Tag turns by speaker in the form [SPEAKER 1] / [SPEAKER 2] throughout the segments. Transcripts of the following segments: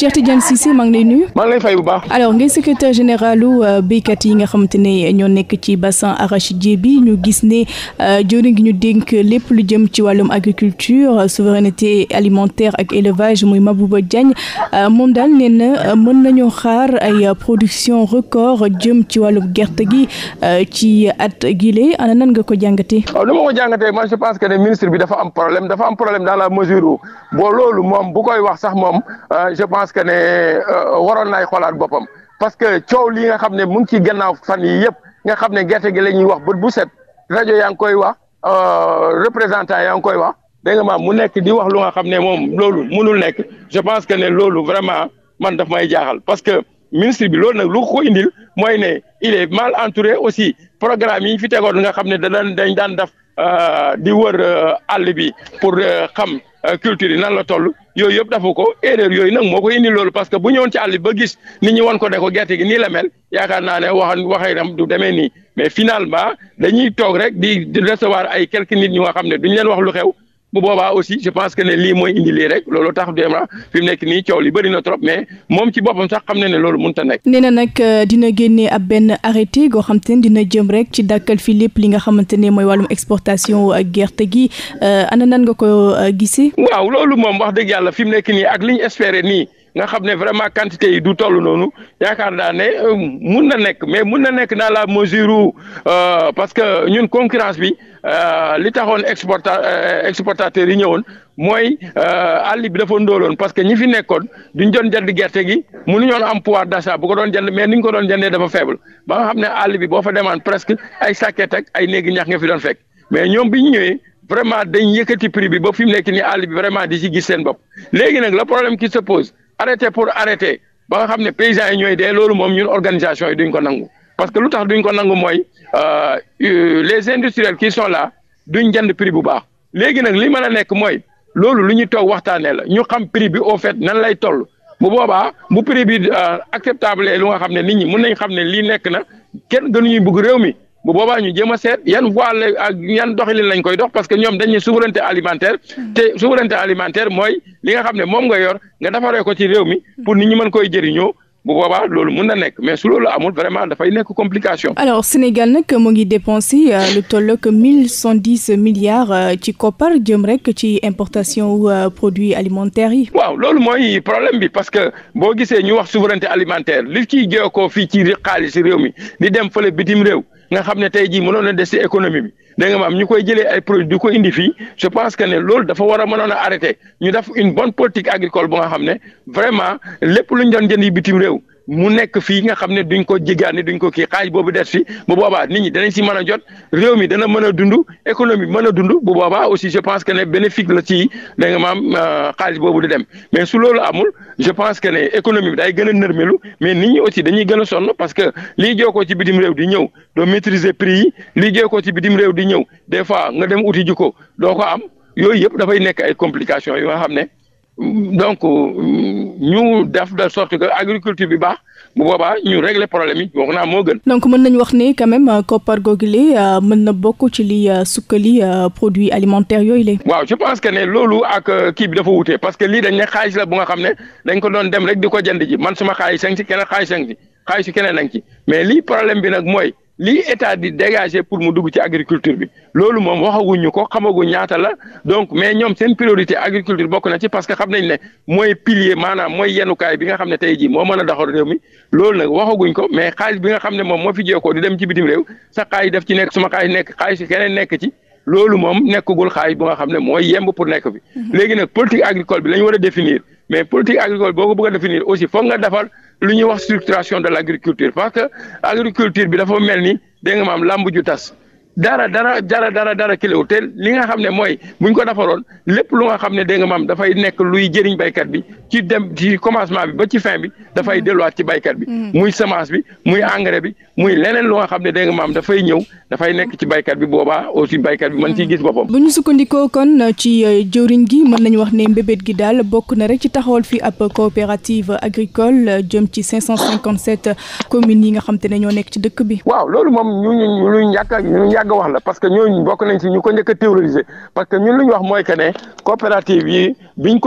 [SPEAKER 1] Cheikh Tidiane Cissé maa ngi lay nuyu. maa ngi lay fay bu baax. alors ngay secrétaire général euh, béykat yi nga xamante ne ñoo nekk ci bassin arachidier bi ñu gis ne euh, jëwriñ gi ñu dénk lépp lu jëm ci wàllum agriculture euh, souveraineté alimentaire ak élevage muy Mabouba Diagne moom daal nee na mën nañoo xaar ay production record jëm ci wàllum gerte gi ci at gile ana nan nga ko jàngatee. waaw ni ma ko
[SPEAKER 2] jàngatee man je pense que ne ministre bi dafa am problème dafa am problème dans la mesure où bon loolu koy wax sax moom pense que ne euh, waroon naay xoolaat boppam parce que coow li nga xam ne mu ngi ci gannaaw fan yi yëpp nga xam ne gerte gi la ñuy wax bët bu set rajo yaa ngi koy wax euh, représentant yaa ngi koy wax dégg nga maam mu nekk di wax lu nga xam ne moom loolu mënul nekk je pense que ne loolu vraiment man daf may jaaxal parce que ministre bi loolu nag lu ko indil mooy ne il est mal entouré aussi programme yi fi tegoon nga xam ne dañ dañ daan def euh, di wër àll bi pour xam culture yi nan la toll yooyu yëpp dafa ko erreur yooyu nag moo ko indi loolu parce que bu ñëwoon ci àll ba gis nit ñi wan ko de ko gerte gi nii la mel yaakaar naa ne wax waxee tam du demee nii mais finalement dañuy toog rek di recevoir ay quelques nit ñu nga xam ne duñ leen wax lu xew bu boobaa aussi je pense que ne lii mooy indi rek loolo tax vraiment fi mu nekk nii coow li bëri na trop mais moom ci boppam sax xam na ne loolu mënut a nekk.
[SPEAKER 1] nee na nag euh, dina génne ab benn arrêté goo xam te ne dina jëm rek ci dàkkal fi lépp li nga xamante ne mooy wàllum exportation ak gerte gi euh, ana nan nga ko euh, gisee. waaw
[SPEAKER 2] loolu moom wax dëgg yàlla fi mu nekk nii ak li ñu espérer nii. nga xam ne vraiment quantité yi du toll noonu yaakaar naa ne euh, mun na nekk mais mun na nekk naa la mesure euh, parce que ñun concurrence bi euh, li taxoon exporta exportateur yi ñëwoon mooy àll bi dafa ndóoloon parce que ñi fi nekkoon duñ doon jënd gerte gi mënuñoon am pouvoir d'achat bu ko doon jënd mais ni ñu ko doon jëndee dafa faible ba nga xam ne àll bi boo fa demaan presque ay sàkket ay néegi ñax nga fi doon fekk mais ñoom bi ñu ñëwee vraiment dañ yëkkati pri bi ba fi mu nekk nii àll bi di ci gis seen bopp léegi nag le problème qui se pose arrêté pour arrêté ba nga xam ne paysans yi ñooy dee loolu moom ñun organisation yi duñ ko nangu parce que lu tax duñ ko nangu mooy euh, euh, les industriels qui sont là duñ jënd prix bu baax léegi nag li mën a nekk mooy loolu lu ñuy toog waxtaanee la ñu xam prix bi au fait nan lay toll bu boobaa bu prix bi euh, acceptable lu nga xam ne nit ñi mun nañ xam ne lii nekk na kenn gënuñuy bugg réew mi. bu boobaa ñu jéem a seet yan voile ak yan doxalin lañ koy dox parce que ñoom dañ ne souveraineté alimentaire te souveraineté alimentaire mooy li nga xam ne moom nga yor nga defaree ko ci réew mi pour nit ñi mën koy jëriñoo. bu boobaa loolu mun na nekk mais su loolu amul vraiment dafay nekk complication.
[SPEAKER 1] alors Sénégal nag mu ngi dépensé euh, lu toll ak mille cent dix milliards euh, ci koppar jëm rek ci importation euh, produits alimentaires yi.
[SPEAKER 2] waaw loolu mooy problème bi parce que boo gisee ñu wax souveraineté alimentaire li ciy ko fii ci xaalis réew mi di dem fële bitim réew. nga xam ne tey jii mënoon na des ci économie bi dégg maam ñu koy jëlee ay produits di ko indi fii je pense que ne loolu dafa war a mënoon a arrêté ñu def une bon politique agricole bu nga xam ne vraiment lépp luñ doon jënd bitim réew mu nekk fii nga xam ne duñ ko jéggaani duñ ko kii xaaj boobu des fi bu booba nit ñi danañ si mën a jot réew mi dana mën a dund économie mën a dund bu booba aussi je pense que ne bénéfique la ci da nga maam euh, xaalis boobu di dem mais su loolu amul je pense que ne économie bi day gën a nërmelu mais nit ñi aussi dañuy gën a sonn parce que lii jokkoo ci bitim réew di ñëw doo maîtriser prix yi lii jokkoo ci bitim réew di ñëw des fois nga dem uti ji ko doo ko am yooyu yëpp dafay nekk ay complications yoo xam ne. donc ñu def de sorte que agriculture bi baax bu boobaa ñu régler problème yi wax naa moo gën.
[SPEAKER 1] donc mën nañu wax ne quand même euh, koppar googu la euh, mën na bokk ci li euh, sukkali produits alimentaires yooyu la.
[SPEAKER 2] waaw je pense que ne loolu ak kii bi dafa wutee parce que lii dañ ne xaalis la bu nga xam ne dañ ko doon dem rek di ko jënd ji man suma xaalis a ngi ci keneen xaalis a keneen a ngi ci mais lii problème bi nag mooy. lii état di dégager pour mu dugg ci agriculture bi loolu moom waxaguñu ko xamaguñ ñaata la donc mais ñoom seen priorité agriculture bokk na ci parce que xam nañ ne mooy pilier maanaam mooy yenukaay bi nga xam ne tey jii moo mën a doxal réew mi loolu nag waxaguñ ko mais xaalis bi nga xam ne moom moo fi jéego di dem ci bitim réew sa xaalis daf ci nekk suma xaalis nekk xaalis keneen nekk ci. loolu moom nekkagul xaalis bu nga xam ne mooy yemb pour nekk bi mhm. léegi nag politique agricole bi la war a mais politique agricole boo ko bëgg a aussi foog nga defar lu ñuy wax structuration de l' agriculture parce que agriculture bi dafa mel ni dégg nga maam làmb ju tas dara dara dara dara dara kilewu te li nga xam ne mooy bu ñu ko defaroon lépp lu nga xam ne dégg nga maam dafay nekk luy jëriñ baykat bi ci dem ci commencement bi ba ci fin bi dafay mm-hmm. delluwaat ci baykat bi mm-hmm. muy semence bi muy engrais bi muy leneen lu nga xam ne dégg nga maam dafay ñëw dafay nekk ci baykat bi boobaa aussi baykat bi man ciy mm-hmm. gis boppam
[SPEAKER 1] bu ñu sukkandikoo kon ci euh, jëwriñ gi mën nañu wax ne mbébét gi daal bokk na rek ci taxawal fii ab coopérative agricole euh, jëm ci cent 557 commune yi nga xam te ne ñoo nekk ci dëkk bi waaw loolu moom ñu
[SPEAKER 2] ñu njàkk ñu yàgg wax la parce que ñu bokk nañ ci ñu ko njëkk a que ñun lu ñu wax mooy que ne coopérative yi biñ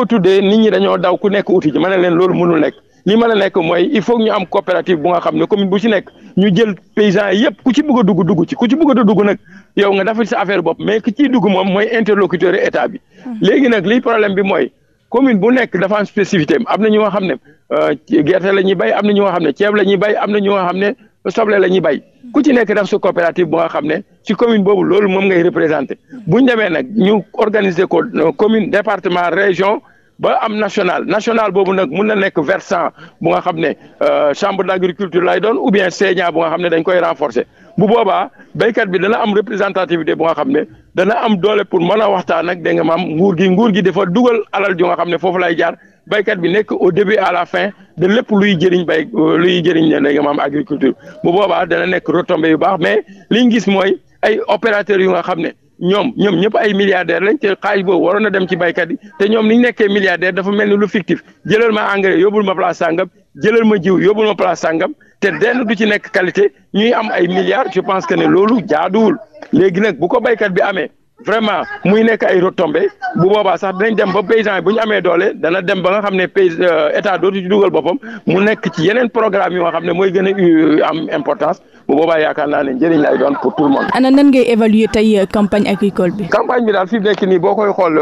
[SPEAKER 2] nekk uti ji ma ne leen loolu mënul nekk li mën nekk mooy il faut ñu am coopérative bu nga xam ne commune bu ci nekk ñu jël paysans yëpp ku ci bëgg dugg dugg ci ku ci bëgg dugg nag yow nga defal sa affaire bopp mais ku ciy dugg moom mooy interlocuteur état bi. Hmm. léegi nag liy problème bi mooy commune bu nekk dafa am spécificité am na ñu nga xam ne euh, gerte la ñuy bay am na ñu nga xam ne ceeb la ñuy bay am na ñu nga xam ne soble la ñuy bay hmm. ku ci nekk daf sa coopérative bu nga xam ne ci commune boobu loolu moom ngay représenté hmm. bu ñu demee nag ñu organiser ko euh, commune département région. ba am national national boobu nag mun na nekk versant bu nga xam ne euh, chambre agriculture lay doon ou bien CENIA bu nga xam ne dañ koy renforcer bu boobaa béykat bi dana am représentativité bu nga xam ne dana am doole pour mën a waxtaan ak da nga maam nguur gi nguur gi dafa dugal alal ju nga xam ne foofu lay jaar béykat bi nekk au début à la fin de lépp luy jëriñ bay luy jëriñ ne da nga maam agriculture bu boobaa dana nekk retombée yu baax mais liñ gis mooy ay opérateurs yu nga xam ne ñoom ñoom ñëpp ay milliardaires lañ te xaalis boobu waroon na dem ci baykat yi te ñoom ni ñu nekkee milliardaire dafa mel ni lu fictif jëlal ma engrais yóbbul ma place sàngam jëlal ma jiw yóbbul ma place sàngam te den du ci nekk qualité ñuy am ay milliards je pense que ne loolu jaaduwul léegi nag bu ko baykat bi amee vraiment muy nekk ay retombées bu boobaa sax dinañ dem ba paysan yi bu ñu amee doole dana dem ba nga xam ne pays euh, état dootu ci dugal boppam mu nekk ci yeneen programme yoo xam ne mooy gën a euh, am importance bu boobaa yaakaar naa ne njëriñ lay doon pour tout le monde.
[SPEAKER 1] ana nan ngay évaluer tey euh, campagne agricole bi.
[SPEAKER 2] campagne bi daal fi nekk nii boo koy xool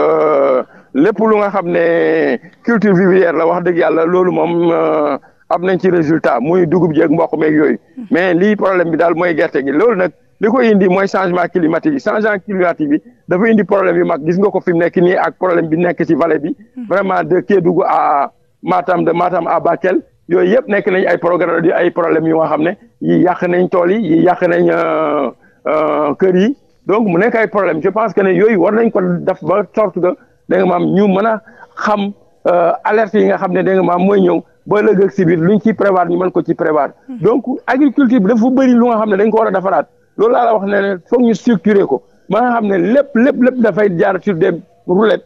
[SPEAKER 2] lépp lu nga xam ne culture vivrière la wax dëgg yàlla loolu moom. am nañ ci résultat muy dugub jeeg mboq meeg yooyu hmm. mais lii bi daal mooy gerte gi loolu nag li ko indi mooy changement climatique yi changement climatique bi dafa indi problème bi mag gis nga ko fi mu nekk nii ak problème bi nekk ci vallée bi hmm. vraiment de Kédougou a maatam de maatam à Bakel yooyu yëpp nekk nañ ay programme ay problèmes yu nga xam ne yi yàq nañ tool yi yi yàq nañ euh, euh, kër yi donc mu nekk ay problème je pense que ne yooyu war nañ ko def ba sorte ga danga nga maam ñu mën a xam euh, alerte yi nga xam ne da nga maam mooy ñëw ba lëgëg si biir luñ ciy prévoir ñu mën ko ci prévoir hmm. donc agriculture bi dafa bëri lu nga xam ne dañ ko war a defaraat loolu laa la wax ne foog ñu structurer ko ma nga xam ne lépp lépp dafay jaar sur des roulettes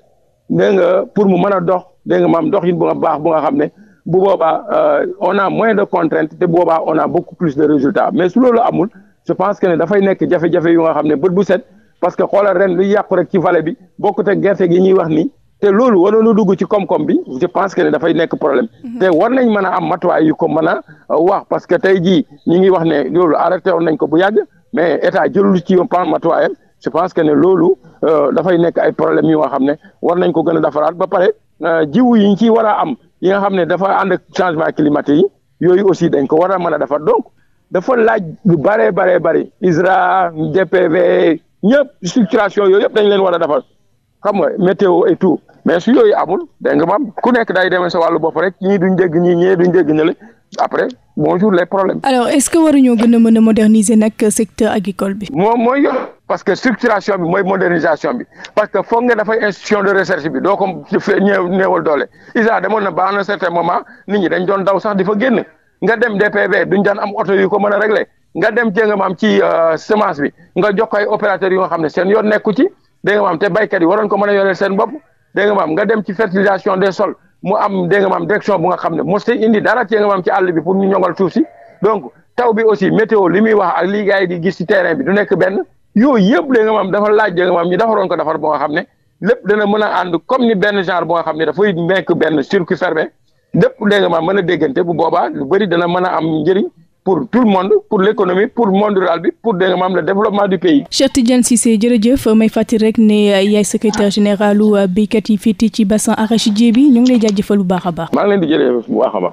[SPEAKER 2] dégg nga pour mu mën a dox dégg nga maam dox yi bu nga baax bu nga xam ne bu boobaa euh, on a moins de contraintes te bu boobaa on a beaucoup plus de résultats mais su loolu amul je pense que ne dafay nekk jafe-jafe nga xam ne bët bu set parce que xoolal ren lu yàqu rek ci vale bi bokkut ak gerte gi ñuy wax ni te loolu waroon na dugg ci koom-koom bi je pense que ne dafay nekk problème mhm. te war nañ mën a am matuwaay yu ko mën a euh, wax parce que tey jii ñu ngi wax ne loolu arrêté woon nañ ko bu yàgg mais état jëlul ci yoon plan matuwaayam je pense que ne loolu euh, dafay nekk ay problème yoo xam ne war nañ ko gën a defaraat ba pare euh, jiwu yi ñu ciy war a am yi nga xam ne dafa ànd ak changement climatique yi yooyu aussi dañ ko war a mën a defar donc dafa laaj lu bare bare bari ISRA DPV ñëpp structuration yooyu yëpp dañ leen war a defar xam nga météo et tout mais su yooyu amul da nga maam ku nekk day demee sa wàllu bopp rek ñii duñ dégg ñii ñee duñ dégg le après bonjour les problèmes.
[SPEAKER 1] alors est-ce que waruñoo gën a mën a moderniser nag secteur agricole bi.
[SPEAKER 2] moom mooy yor parce que structuration bi mooy modernisation bi parce que foog nga dafay institution de recherche bi doo ko ñëw néewal doole ISRA demoon na ba à un certain moment nit ñi dañ doon daw sax di fa génn nga dem DPV duñ daan am oto yu ko mën a regle nga dem jéegam am ci euh, semence bi nga jox ko ay yu nga xam ne seen yoon nekku ci dégg nga baykat yi waroon ko mën a yoreel seen bopp dégg nga nga dem ci fertilisation des sols. mu am dégg nga maam direction bu nga xam ne mos indi dara ci nga maam ci àll bi pour ñu ñongal suuf si donc taw bi aussi météo li muy wax ak liiga yi di gis ci terrain bi du nekk benn yooy yëpp dégg nga maam dafa laaj dégg nga maam dafa defaroon ko defar bu nga xam ne lép dana mën a ànd comme ni benn genre bu nga xam ne dafay nekk benn circuit fermé lépp dégg nga maam mën a déggante bu boobaa lu bëri dana mën a am njëriñ pour tout le monde pour l'économie pour monde rural bi pour dégg nga maam le développement du pays.
[SPEAKER 1] Cheikh Tidiane Cissé jërëjëf may fàttali rek ne euh, yaay secrétaire généralu euh, béykat yi fii ci bassin arachidier bi ñu ngi lay jaajëfal bu baax a baax.
[SPEAKER 2] baax a baax.